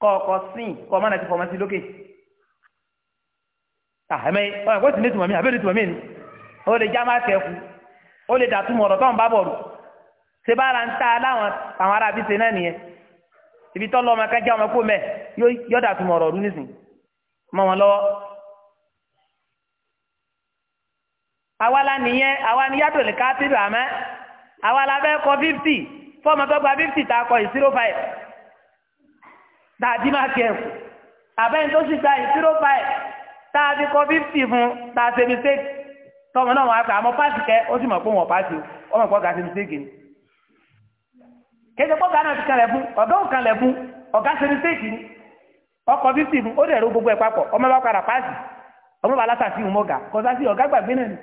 kọ́ ọkọ̀ sìn kọ́ ọmọ náà ti fọmọ sí lókè àmẹ́ ah, ọ̀rọ̀ kó sì ní tùmọ̀ mí àbẹ́rẹ́ tùmọ̀ mí ni ó lè já má kẹ́kù ó lè dàtúmọ̀ ọ̀rọ̀ tọ́hún bá bọ̀ rù ṣé bá ara ń ta láwọn àwọn ará àbí ṣe náà nìyẹn ibi tọ́ lọ́mọ kájá ọmọ kó mẹ́ yọ dàtúmọ̀ ọ̀rọ̀ rú nísìn mọ́ wọn lọ́wọ́. àwa la nìyẹn àwa ni yàtọ̀ lè ká tìrì àmẹ́ àwa la fẹ́ kọ fífítì fọ́ọ̀mù tó gba fífítì tá a kọ ìṣírò fáìf dàdí má kẹ́kù àbẹ́yìn tó sì gba ìṣírò fáìf tá a fi kọ fífítì fún tá a ṣe mistake tọmọ náà wọn apẹ àmọ́ paasi kẹ ó sì mọ̀ pé wọn paasi o ọmọ ìpọ́gà ti mistake ni kéde pọ́gà náà ti kan lẹ́bùn ọ̀dọ́ kan ọ̀gá ṣe mistake ni ọkọ̀ ó dẹ̀rọ gbogbo ẹ̀ papọ̀ ọmọ bá padà paasi ọmọ bá ọ̀gá gbàgbé náà ni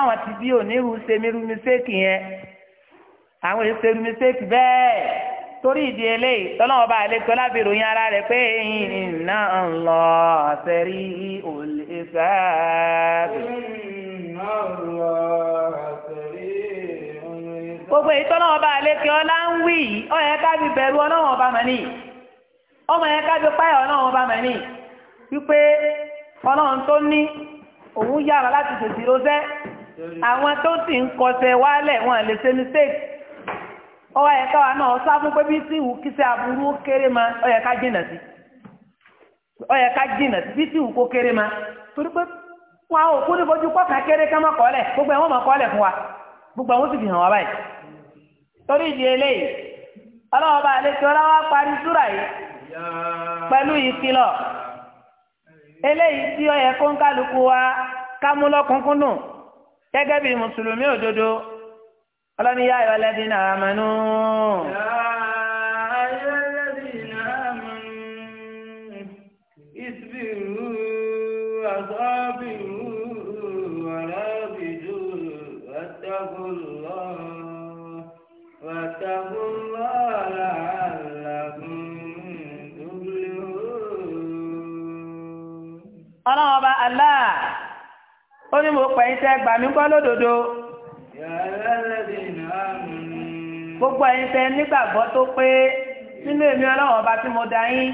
àwọn ti bí onírú ṣe mírú mistake yẹn àwọn mistake bẹ́ẹ̀. torí ìdí eléyìí tọ́lọ́wọ́ bá lè tọ́lá bí ròyìn ara rẹ̀ pé inna Allah sari'ul hisab. inna Allah sari'ul hisab. gbogbo èyí tọ́lọ́wọ́ bá lè kí ọlá ń wí yìí ó yẹ ká bí bẹ̀rù ọlọ́wọ́n bá mọ̀ ní ọmọ yẹ ká bí páyà ọlọ́wọ́n bá mọ̀ ní wípé ọlọ́run tó ní òun yára láti tètè rọ́ṣẹ́ àwọn tó sì ń kọsẹ̀ wálẹ̀ wọn lè ṣe mistake ọwọ́ yẹn wa náà ọsọ akwụkwọ pé bí tí kí sí ma ó jìnà sí jìnà sí bí tí ìwù kó kéré ma torí pé wọn ò ní bójú kọ́ka kéré ká má kọ́lẹ̀ gbogbo fún wa gbogbo àwọn sì fi hàn wá báyìí torí ìdí eléyìí ọlọ́wọ́ bá parí súrà yìí pẹ̀lú eléyìí tí ń kálukú wa ká ọlọ́ni yá ayọ̀ lẹ́bí náà mẹ́nu. ayọ̀ lẹ́bí náà mẹ́nu ìsbìrú àgbàbìrú àràbìjú àtàkùnlọ́ àtàkùnlọ́ àlàkùn ọlọ́run ọba aláà ó ní mo pẹ̀yìn tẹ́ lódodo gbogbo ẹ̀yin tẹ́ nígbàgbọ́ tó pé nínú èmi ọlọ́run ọba tí mo dá yín.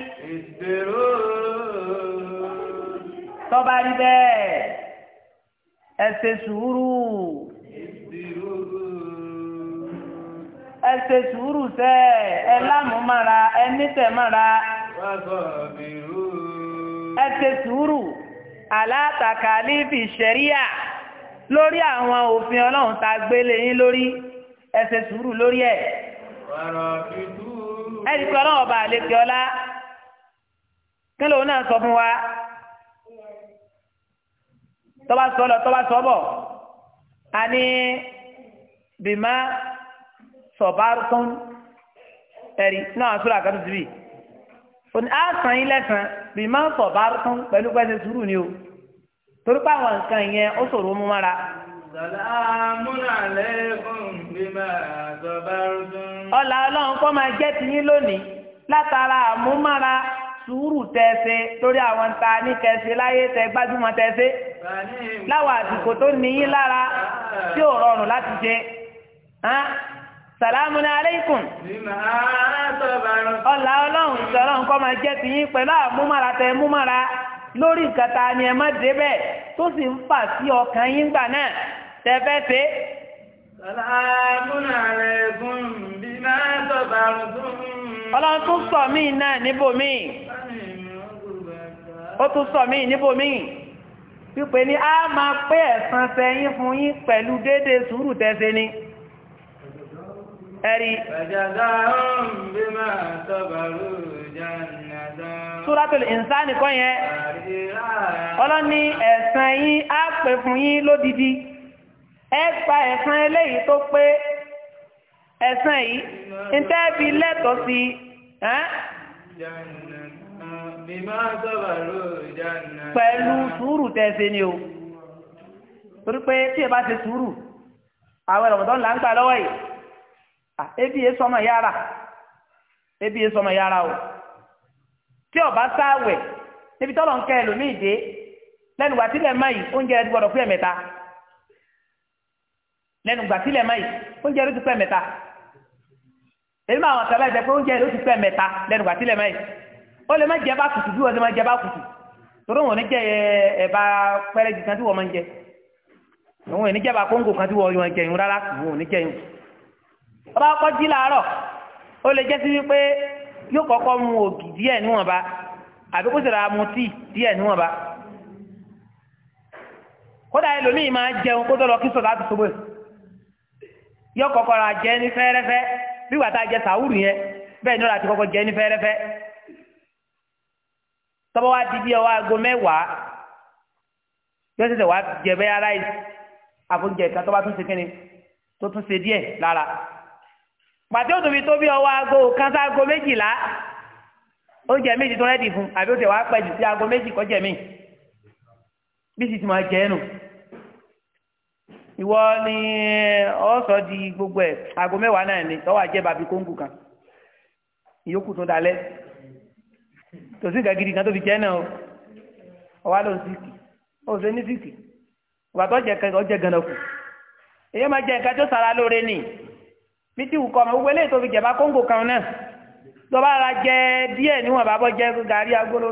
tọ́ba rí bẹ́ẹ̀ ẹ ṣe sùúrù ẹ ṣe sùúrù sẹ́ ẹ lámùmára ẹ nítẹ̀mára ẹ ṣe sùúrù alátakàlífì ṣẹ̀ríà lórí àwọn òfin ọlọ́run tá a gbélé yín lórí ẹ ṣe sùúrù lórí ẹ̀. ẹ̀rí pé ọlọ́run ọba àlejò ọlá kí lóun náà sọ fún wa tọ́ba sọ lọ tọ́ba sọ bọ̀ àní bìmá sọ̀bárùkún ẹ̀rí náà sọ̀rọ̀ àkàtúntì bì òní àsàn yín lẹ́sàn bìmá sọ̀bárùkún pẹ̀lú pẹ́sẹ̀ sùúrù ni o torí pé àwọn nǹkan yẹn ó ṣòro mú mára. ọlá ọlọ́run kọ́ máa jẹ́ tiyín lónìí látara àmúmára sùúrù tẹ̀sẹ̀ lórí àwọn ta ní kẹsẹ̀ láyé tẹ gbájúmọ̀ tẹ̀sẹ̀ láwọn àsìkò tó níyín lára tí ò rọrùn láti jẹ. Sàlámù ní aléìkùn. Ọlá ọlọ́run ìṣọ́lọ́run kọ́ máa jẹ́ tiyín pẹ̀lú àmúmára tẹ múmára lórí nǹkan ta ni ẹ má débẹ̀ tó sì ń fà sí ọkàn yín gbà náà tẹ́fẹ́ ṣe. ọlọ́run tún sọ mí náà níbòmí. ó tún sọ mí níbòmí pípé ní a máa pé ẹ̀san tẹ̀yìn fún yín pẹ̀lú dédé sùúrù tẹ́sẹ̀ ni ẹ̀rí ẹ̀jàdá ọ̀rùn bí máa tọ́bàrú jẹ́ súrátòlù ìsáni kọ́ yẹn ọlọ́ni ẹ̀san yín á pè fún yín lódidi ẹ pa ẹ̀san eléyìí tó pé ẹ̀san yìí ń tẹ́ fi lẹ́tọ̀ọ́ sí pẹ̀lú sùúrù tẹ́sẹ̀ ni o torí pé tí ẹ bá ti sùúrù àwọn ẹ̀rọ̀mọ̀tọ́ là ń gbà lọ́wọ́ yìí ebi yẹn sọmọ ebi yẹn sọmọ o tí ọba sáwẹ̀ níbi tọ́lọ̀ ń kẹ́ ẹlòmíì dé lẹ́nu gbà sílẹ̀ máyì oúnjẹ rẹ ti gbọdọ̀ pé ẹ̀mẹ́ta lẹ́nu gbà sílẹ̀ máyì oúnjẹ rẹ ti pé ẹ̀mẹ́ta èyí máa wọn sábà jẹ pé oúnjẹ rẹ ti pé ẹ̀mẹ́ta lẹ́nu gbà sílẹ̀ máyì ó lè má jẹ bá kùtù bí wọ́n ti má jẹ bá kùtù torí wọn ò ní jẹ ẹ̀bà pẹ́rẹ́gì kan tí wọ́n máa ń jẹ wọn ò ní jẹ ẹ̀bà kóńgò kan tí wọ́n jẹ yun rárá wọn ò ní jẹ yun ọba kọjí làárọ̀ ó lè jẹ́ sí wípé yóò kọ́kọ́ mu ògì díẹ̀ níwọ̀nba àbí kó sèrè amutí díẹ̀ níwọ̀nba kódà ẹlòmíì máa jẹun kó tó lọ kí sọlá ti sọgbó yóò kọ́kọ́ ra jẹ ní fẹ́rẹ́fẹ́ bí wàtá jẹ sàwùrù yẹn bẹ́ẹ̀ ni ó ra ti kọ́kọ́ jẹ ní fẹ́rẹ́fẹ́ tọ́bọ̀ wá di bí ọwọ́ aago mẹ́wàá yóò ṣẹ̀ṣẹ̀ wá jẹ bẹ́ẹ̀ aláìsí àfọ̀njẹ̀ kan tó pàtí ó tóbi tó bí ọwọ́ aago kan sí aago méjìlá oúnjẹ méjì tó rẹ́dì fún àbí ó tẹ̀ wá pẹ́ sí aago méjì kọjá mi bí sì ti máa jẹ́ nù ìwọ di gbogbo ẹ̀ aago mẹ́wàá náà ni tọ́wọ́ àjẹ́ bàbí kóńgù kan ìyókù tó dalẹ̀ tòsí gidi kan tó jẹ́ o ọwọ́ ló ń sìkì ó ṣe ní sìkì ìgbà tó jẹ ọjẹ gan-an kù èyí sara lóore nìyí. bí ti wù kọ́ ọmọ gbogbo eléyìí tó fi jẹ̀bá kóńgò kan náà tó bá jẹ díẹ̀ níwọ̀n bá bọ́ jẹ gàrí agolo